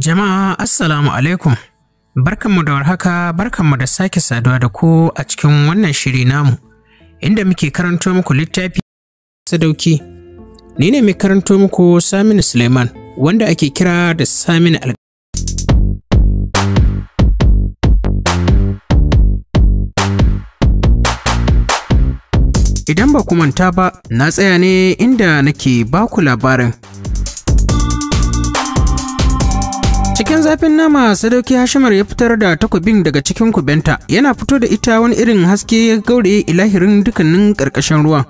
Jama'a Assalamu alaikum. Barkanmu da warhaka, barkanmu da sake saduwa da ku a cikin wannan shiri namu, inda muke karanto muku littafi sadauki. Ni ne mai karanto muku Saminu Suleiman, wanda ake kira da Saminu Al Idan ba ku manta ba, na tsaya ne inda nake baku labarin Cikin zafin nama sadauki Hashimar ya fitar da takobin daga cikin kubenta yana fito da ita wani irin haske ya gaure ilahirin dukkanin ƙarƙashin ruwa.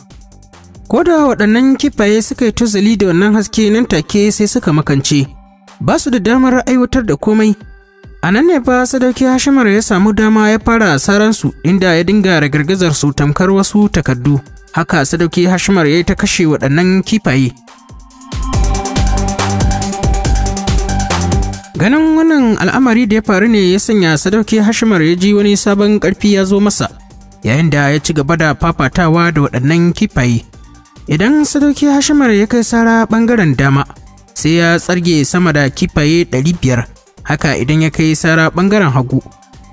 Ko da waɗannan kifaye suka yi tuzali da wannan haske nan take sai suka makance. Ba su da damar aiwatar da komai. A nan ne fa sadauki Hashimar ya samu dama ya fara saransu inda ya dinga ragargazar su tamkar wasu takardu. Haka sadauki Hashimar ya yi ta kashe waɗannan kifaye. ganin wannan al'amari da ya faru ne ya sanya sadauki hashimar ya ji wani sabon ƙarfi ya zo masa yayin da ya ci gaba da fafatawa da waɗannan kifaye idan sadauki hashimar ya kai sara ɓangaren dama sai ya tsarge sama da kifaye biyar haka idan ya kai sara ɓangaren hagu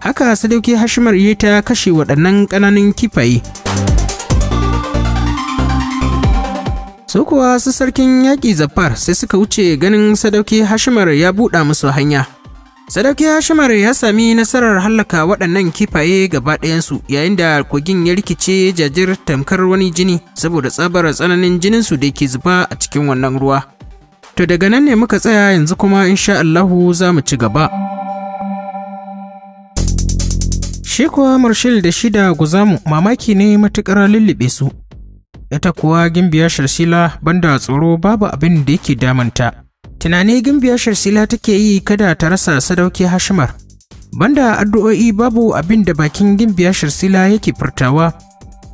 haka sadauki hashimar ya ta kashe waɗannan ƙananan kifaye su kuwa su sarkin yaƙi zafar sai suka wuce ganin sadauki hashimar ya buɗa musu hanya sadauki hashimar ya sami nasarar hallaka waɗannan kifaye gaba ɗayansu yayin da kogin ya rikice jajir tamkar wani jini saboda tsabar tsananin jininsu da ke zuba a cikin wannan ruwa to daga nan ne muka tsaya yanzu kuma insha Allahu za mu ci gaba shi kuwa da shida guzamu mamaki ne matuƙar lullube su ita kuwa gimbiyar sharsila banda tsoro babu abin da yake damunta tunani gimbiyar sharsila take yi kada ta rasa sadauki hashimar banda addu'o'i babu abin da bakin gimbiyar sharsila yake furtawa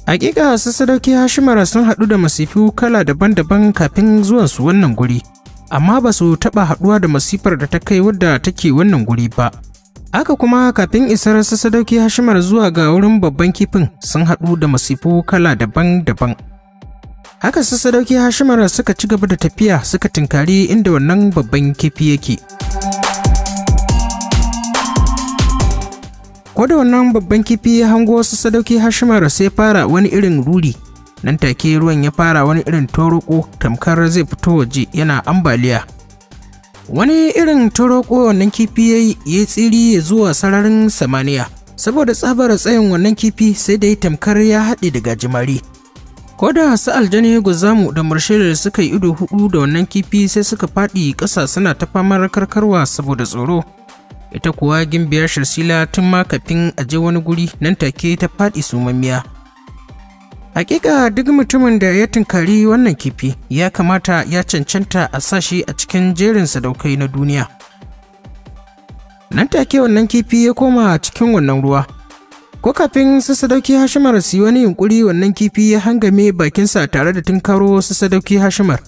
hakika su sadauki hashimar sun haɗu da masifu kala daban-daban kafin zuwansu wannan guri amma ba su taɓa haɗuwa da masifar da ta kai wadda take wannan guri ba. Aka kuma kafin isar sadauki Hashimar zuwa ga wurin babban kifin sun haɗu da masifu kala daban-daban. haka su sadauki hashimara suka ci gaba da tafiya suka tinkari inda wannan babban kifi yake ko da wannan babban kifi ya hango wasu sadauki hashimara sai fara wani irin ruri nan take ruwan ya fara wani irin toroko tamkar zai fito waje yana ambaliya wani irin toroko wannan kifi ya yi tsiri ya zuwa sararin samaniya saboda tsabar tsayin wannan kifi sai da ya tamkar ya haɗe da gajimare ko da su aljani guzamu da murshiri suka yi ido hudu da wannan kifi sai suka faɗi ƙasa suna ta famar karkarwa saboda tsoro ita kuwa gimbiya shirsila tun ma kafin a je wani guri nan take ta faɗi sumammiya hakika duk mutumin da ya tunkari wannan kifi ya kamata ya cancanta a sashi a cikin jerin sadaukai na duniya nan take wannan kifi ya koma cikin wannan ruwa Ko kafin su sadauki Hashimar su yi wani yunkuri wannan kifi ya hangame bakinsa tare da tunkaro su sadauki Hashimar.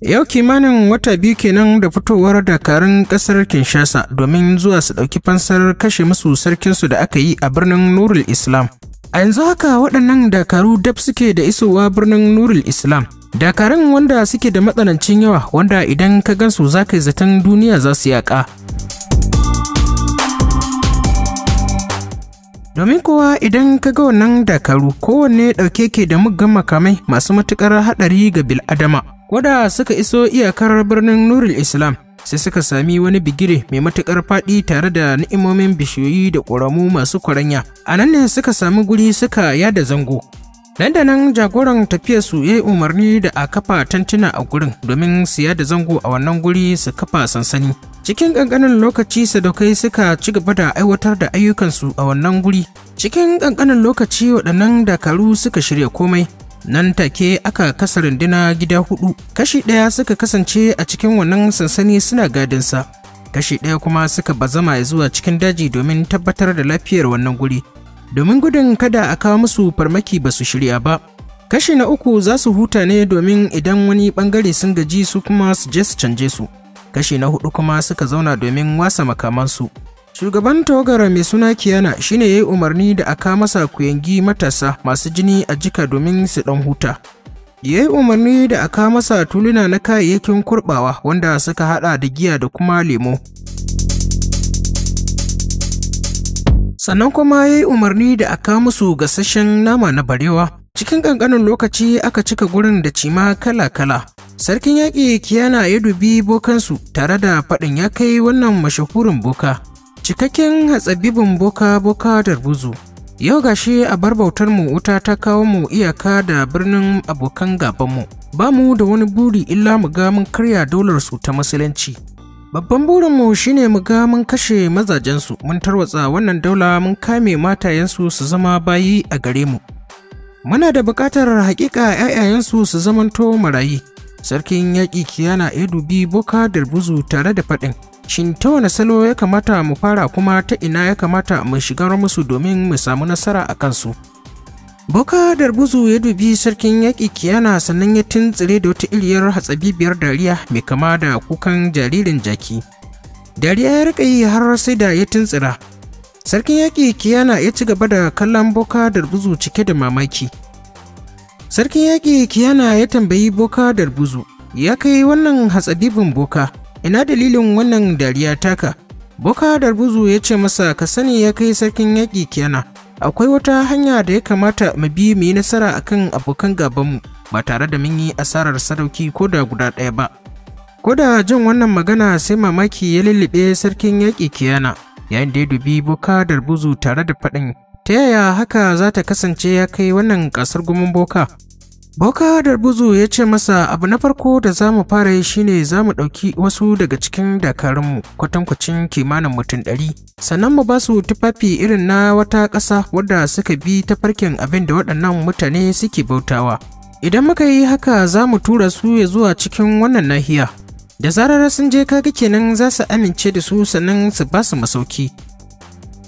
Yau kimanin wata biyu kenan da fitowar dakarun ƙasar Kinshasa domin zuwa su ɗauki fansar kashe musu sarkinsu da aka yi a birnin Nurul Islam. A yanzu haka waɗannan dakaru dab suke da isowa birnin Nurul Islam. Dakarun wanda suke da matsanancin yawa wanda idan ka gansu za ka yi zaton duniya za su yaƙa. domin kowa idan ka ga wannan dakaru kowanne ɗauke ke da muggan makamai masu matuƙar haɗari ga bil'adama wada suka iso iyakar birnin nurul islam sai suka sami wani bigire mai matuƙar faɗi tare da ni'imomin bishiyoyi da ƙoramu masu kwaranya a nan ne suka sami guri suka yada zango nan da nan jagoran tafiya su ya umarni da a kafa tantuna a gurin domin siya da zango a wannan guri su kafa sansani cikin ƙanƙanin lokaci sadaukai suka ci gaba da aiwatar da ayyukansu a wannan guri cikin ƙanƙanin lokaci waɗannan dakaru suka shirya komai nan take aka kasa runduna gida hudu kashi ɗaya suka kasance a cikin wannan sansani suna gadinsa kashi ɗaya kuma suka bazama zuwa cikin daji domin tabbatar da lafiyar wannan guri domin gudun kada a kawo musu farmaki ba su shirya ba. Kashi na uku za su huta ne domin idan wani bangare sun gaji su kuma su je su canje su. Kashi na hudu kuma suka zauna domin wasa makamansu. Shugaban tawagara mai suna Kiyana shine ya yi umarni da aka masa kuyangi matasa masu jini a jika domin su dan huta. Ya yi umarni da aka masa tuluna na kayayyakin kurɓawa wanda suka hada da giya da kuma lemo. sannan kuma ya yi umarni da a kawo musu gasasshen nama na barewa cikin ƙanƙanin lokaci aka cika gurin da cima kala-kala sarkin yaƙi kiyana ya dubi bokansu tare da faɗin ya kai wannan mashahurin boka cikakken hatsabibin boka boka da buzu yau gashi a bar bautar mu wuta ta kawo mu iyaka da birnin abokan gabanmu ba mu da wani buri illa mu ga mun karya dolarsu su ta musulunci Babban burinmu shine mu ga mun kashe mazajensu, mun tarwatsa wannan daula mun kame matayensu su zama bayi a gare mu. Muna da bukatar haƙiƙa 'ya'yayensu su zamanto marayi. Sarkin yaƙi Kiyana dubi Boka Dalbuzu tare da faɗin. Shin ta wani salo ya kamata mu fara kuma ta ina ya kamata mu shigar musu domin mu samu nasara a kansu? Boka Darbuzu ya dubi sarkin yaƙi kiyana sannan ya tuntsire da wata iliyar hatsabibiyar dariya mai kama da kukan jaririn jaki. Dariya ya rika yi har sai da ya tuntsira. Sarkin yaƙi kiyana ya ci gaba da kallon Boka Darbuzu cike da mamaki. Sarkin yaƙi kiyana ya tambayi Boka Darbuzu, ya kai wannan hatsabibin Boka, ina dalilin wannan dariya taka? Boka Darbuzu ya ce masa ka sani ya kai sarkin yaƙi kiyana. akwai wata hanya da ya kamata mu bi mu yi nasara akan abokan gabanmu ba tare da mun yi asarar sadauki ko da guda ɗaya ba ko da jin wannan magana sai mamaki ya lullube sarkin yaƙi kiyana yayin da ya dubi boka da buzu tare da faɗin ta yaya haka za ta kasance ya kai wannan ƙasar gumin boka Boka Darbuzu ya ce masa abu na farko da za mu fara yi shine za mu ɗauki wasu daga cikin dakarunmu kwatankwacin kimanin mutum ɗari. Sannan mu ba su tufafi irin na wata ƙasa wadda suka bi ta farkin abin da waɗannan mutane suke bautawa. Idan muka yi haka za mu tura su ya zuwa cikin wannan nahiya. Da zarar sun je kaga kenan za su amince da su sannan su ba su masauki.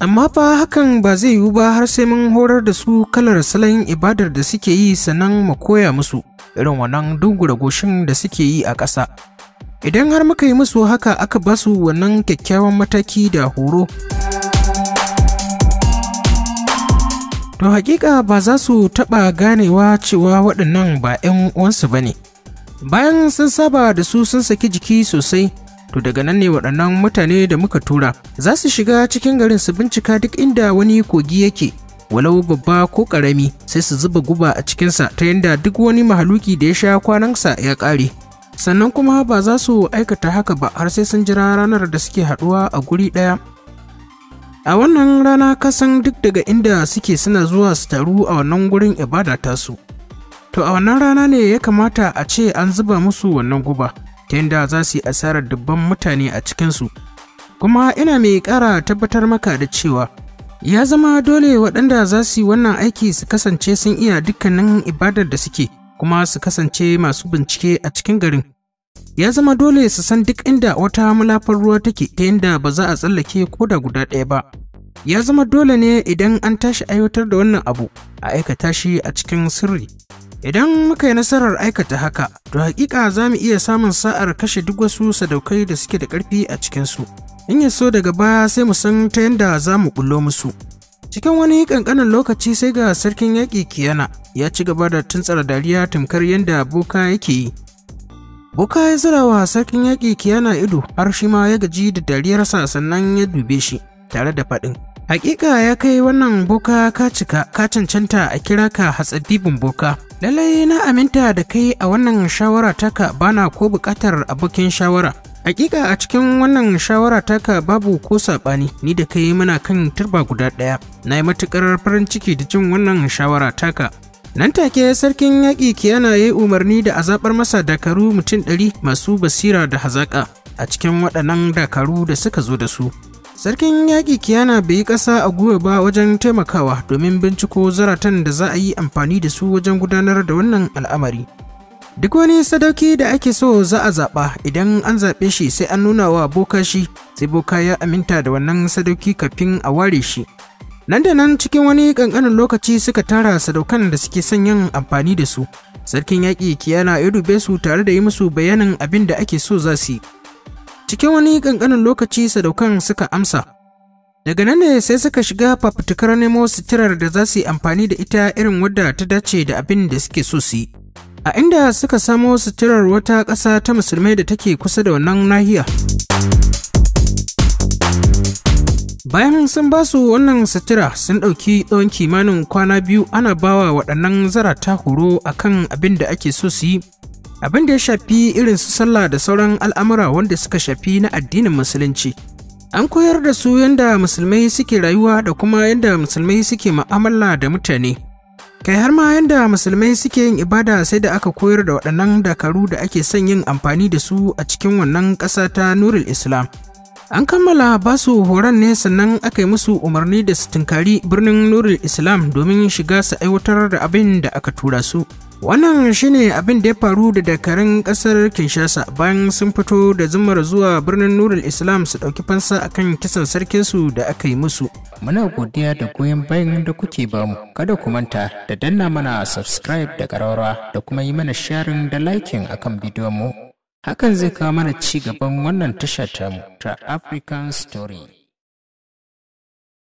amma fa hakan ba zai yiwu ba har sai mun horar da su kalar salon ibadar da suke yi sannan mu koya musu irin wannan dungura goshin da suke yi a ƙasa idan har muka yi musu haka aka ba su wannan kyakkyawan mataki da horo to hakika ba za su taɓa ganewa cewa waɗannan ba 'yan uwansu ba ne bayan sun saba da su sun saki jiki sosai to daga nan ne waɗannan mutane da muka tura za su shiga cikin garin su bincika duk inda wani kogi yake walau babba ko ƙarami sai su zuba guba a cikinsa ta yadda duk wani mahaluki da ya sha kwanansa ya ƙare sannan kuma ba za su aikata haka ba har sai sun jira ranar da suke haɗuwa a guri ɗaya a wannan rana kasan duk daga inda suke suna zuwa su taru a wannan gurin ibada tasu to a wannan rana ne ya kamata a ce an zuba musu wannan guba ta yadda za su yi asarar dubban mutane a cikinsu kuma ina mai ƙara tabbatar maka da cewa ya zama dole waɗanda za su yi wannan aiki su kasance sun iya dukkanin ibadar da suke kuma su kasance masu bincike a cikin garin ya zama dole su san duk inda wata mulafar ruwa take ta yadda ba za a tsallake ko da guda ɗaya ba ya zama dole ne idan an tashi aiwatar da wannan abu a aikata shi a cikin sirri Idan muka yi nasarar aikata haka, to hakika za mu iya samun sa'ar kashe duk wasu sadaukai da suke da ƙarfi a cikinsu. In ya so daga baya sai mu san ta yadda za mu bullo musu. Cikin wani ƙanƙanin lokaci sai ga sarkin yaƙi Kiyana ya ci gaba da tuntsar dariya tamkar yadda Boka yake yi. Boka ya zira wa sarkin yaƙi Kiyana ido har shi ma ya gaji da dariyarsa sannan ya dube shi tare da faɗin. Hakika ya kai wannan Boka ka cika ka cancanta a kira ka hatsabibin Boka. lallai na aminta da kai a wannan shawara taka bana ko buƙatar abokin shawara Hakika a cikin wannan shawara taka babu ko saɓani ni da kai muna kan turba guda ɗaya. Na yi matuƙar farin ciki da jin wannan shawara taka. Nan take sarkin yaƙi ki yana yi umarni da a masa dakaru mutum ɗari masu basira da hazaƙa a cikin waɗannan dakaru da suka zo da su. Sarkin yaƙi Kiyana bai yi ƙasa a gwiwa ba wajen taimakawa domin binciko zaratan da za a yi amfani da su wajen gudanar da wannan al'amari. Duk wani sadauki da ake so za a zaɓa idan an zaɓe shi sai an nuna wa boka shi sai boka ya aminta da wannan sadauki kafin a ware shi. Nan da nan cikin wani ƙanƙanin lokaci suka tara sadaukan da suke son yin amfani da su. Sarkin yaƙi Kiyana ya dube su tare da yi musu bayanin abin da ake so za su yi. cikin wani ƙanƙanin lokaci sadaukan suka amsa daga nan ne sai suka shiga fafutukar nemo sitirar da za su yi amfani da ita irin wadda ta dace da abin da suke so su yi a inda suka samo sitirar wata ƙasa ta musulmai da take kusa da wannan nahiya bayan sun ba su wannan sitira, sun ɗauki tsawon kimanin kwana biyu ana bawa waɗannan zarata horo akan abin da ake so su yi abin da ya shafi irin su sallah da sauran al'amura wanda suka shafi na addinin musulunci an koyar da su yadda musulmai suke rayuwa da kuma yadda musulmai suke ma'amala da mutane kai har ma yadda musulmai suke yin ibada sai da aka koyar da waɗannan dakaru da ake son yin amfani da su a cikin wannan ƙasa ta nurul islam an kammala ba su horon ne sannan aka yi musu umarni da su tunkari birnin nurul islam domin shiga su aiwatar da abin da aka tura su Wannan shine abin da ya faru da dakarun kasar Kinshasa bayan sun fito da zumar zuwa birnin Nurul Islam su ɗauki fansa akan kisan sarkinsu da aka yi musu. Muna godiya da goyon bayan da kuke bamu, kada ku manta da danna mana subscribe da ƙararwa da kuma yi mana sharing da liking akan bidiyon mu. Hakan zai kawo mana ci gaban wannan tasha ta African Story.